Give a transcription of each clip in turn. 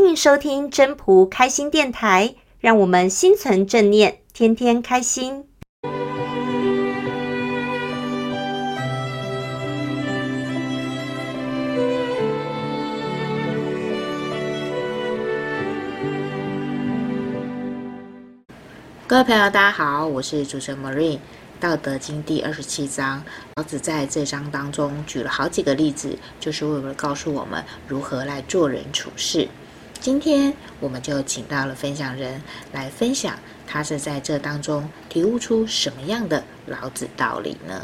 歡迎收聽真樸開心電台，讓我們心存正念，天天開心。各位朋友，大家好，我是主持人 Marine。道德經第二十七章，老子在這章當中舉了好幾個例子，就是為了告訴我們如何來做人處事。今天我們就請到了分享人來分享，他是在這當中體悟出什麼樣的老子道理呢？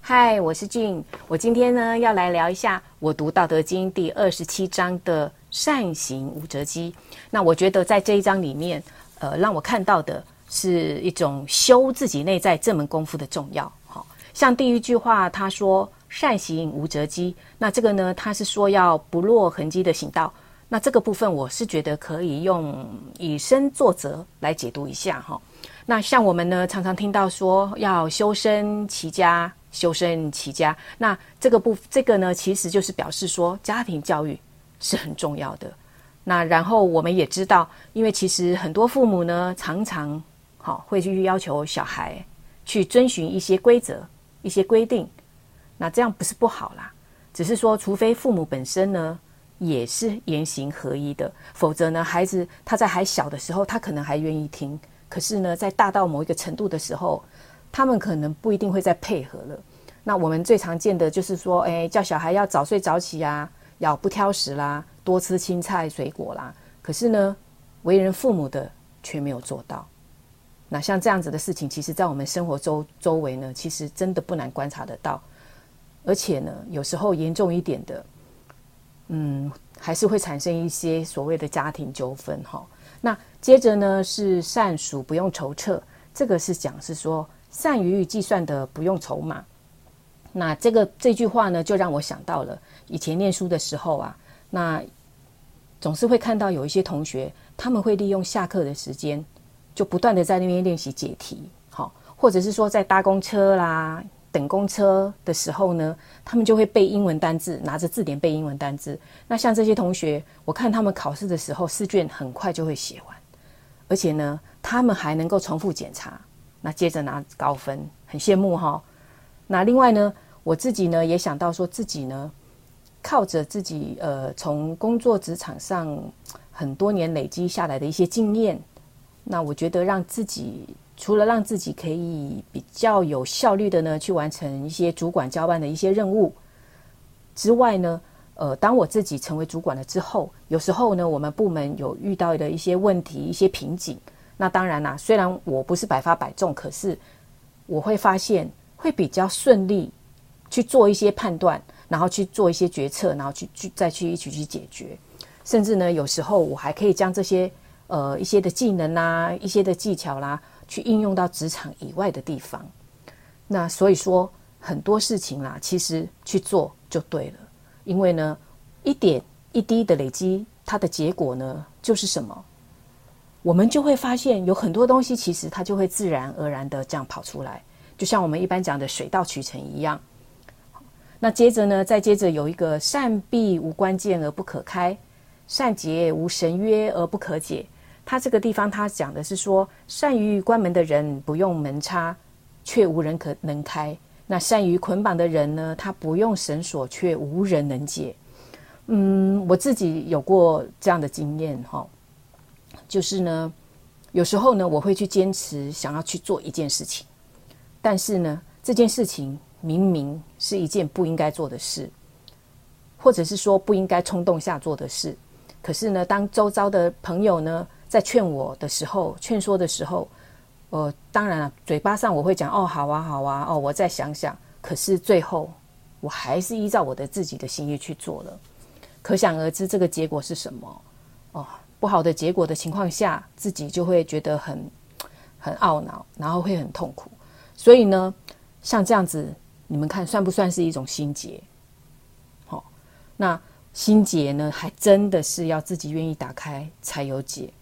嗨，我是俊，我今天呢要來聊一下我讀《道德經》第二十七章的“善行無轍跡”。那我覺得在這一章裡面，呃，讓我看到的是一種修自己內在這門功夫的重要。好、哦，像第一句話他說“善行無轍跡”。那這個呢，他是說要不落痕跡的行道。那這個部分，我是覺得可以用以身作則來解讀一下哈、哦。那像我們呢，常常聽到說要修身齊家，修身齊家。那這個部，這個呢，其實就是表示說家庭教育是很重要的。那然後我們也知道，因為其實很多父母呢，常常好會去要求小孩去遵循一些規則、一些規定。那這樣不是不好啦，只是說，除非父母本身呢。也是言行合一的，否則呢，孩子他在還小的時候，他可能還願意聽；可是呢，在大到某一個程度的時候，他們可能不一定會再配合了。那我們最常見的就是說，誒、欸，叫小孩要早睡早起呀、啊，要不挑食啦，多吃青菜水果啦。可是呢，為人父母的卻沒有做到。那像這樣子的事情，其實在我們生活周周圍呢，其實真的不難觀察得到。而且呢，有時候嚴重一點的。嗯，還是會產生一些所謂的家庭糾紛哈、哦。那接着呢是善數不用籌策，這個是講是說善於計算的不用籌碼。那這個這句話呢，就讓我想到了以前念書的時候啊，那總是會看到有一些同學，他們會利用下課的時間，就不斷的在那邊練習解題，哈、哦，或者是說在搭公車啦。等公車的時候呢，他們就會背英文單字，拿着字典背英文單字。那像這些同學，我看他們考試的時候，試卷很快就會寫完，而且呢，他們還能夠重複檢查，那接着拿高分，很羨慕哈、哦。那另外呢，我自己呢也想到說，自己呢靠着自己呃，從工作職場上很多年累積下來的一些經驗，那我覺得讓自己。除了讓自己可以比較有效率的呢，去完成一些主管交辦的一些任務之外呢，呃，當我自己成為主管了之後，有時候呢，我們部門有遇到的一些問題、一些瓶頸，那當然啦，雖然我不是百發百中，可是我會發現會比較順利去做一些判斷，然後去做一些決策，然後去去再去一起去解決，甚至呢，有時候我還可以將這些呃一些的技能啊、一些的技巧啦、啊。去應用到職場以外的地方，那所以說很多事情啦，其實去做就對了。因為呢，一點一滴的累積，它的結果呢，就是什麼，我們就會發現有很多東西，其實它就會自然而然的這樣跑出來，就像我們一般講的“水到渠成”一樣。那接着呢，再接着有一個“善閉無關鍵而不可開，善結無繩約而不可解”。他這個地方，他講的是說，善於關門的人不用門插，卻無人可能開；那善於捆綁的人呢，他不用繩索，卻無人能解。嗯，我自己有過這樣的經驗哈、哦，就是呢，有時候呢，我會去堅持想要去做一件事情，但是呢，這件事情明明是一件不應該做的事，或者是說不應該衝動下做的事，可是呢，當周遭的朋友呢，在勸我的時候，勸說的時候，呃，當然了、啊，嘴巴上我會講，哦好、啊，好啊，好啊，哦，我再想想。可是最後，我還是依照我的自己的心意去做了。可想而知，這個結果是什麼？哦，不好的結果的情況下，自己就會覺得很很懊惱，然後會很痛苦。所以呢，像這樣子，你們看，算不算是一種心結、哦？那心結呢，還真的是要自己願意打開才有解。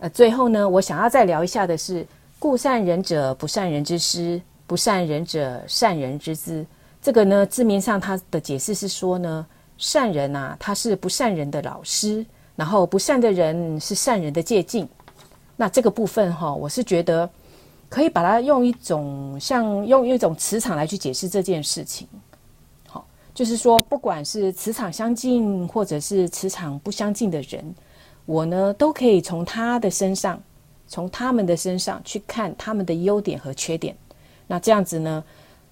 呃，最後呢，我想要再聊一下的是“故善人者不善人之師，不善人者善人之資”。這個呢，字面上他的解釋是說呢，善人啊，他是不善人的老師，然後不善的人是善人的借鏡。那這個部分哈、哦，我是覺得可以把它用一種像用一種磁場來去解釋這件事情。好、哦，就是說，不管是磁場相近或者是磁場不相近的人。我呢都可以從他的身上，從他們的身上去看他們的優點和缺點。那這樣子呢，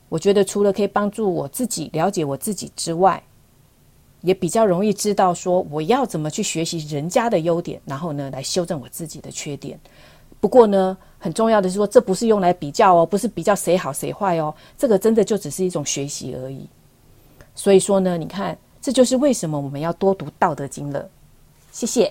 我覺得除了可以幫助我自己了解我自己之外，也比較容易知道說我要怎麼去學習人家的優點，然後呢來修正我自己的缺點。不過呢，很重要的是說，這不是用來比較哦，不是比較誰好誰壞哦，這個真的就只是一種學習而已。所以說呢，你看，這就是為什麼我們要多讀《道德經》了。謝謝。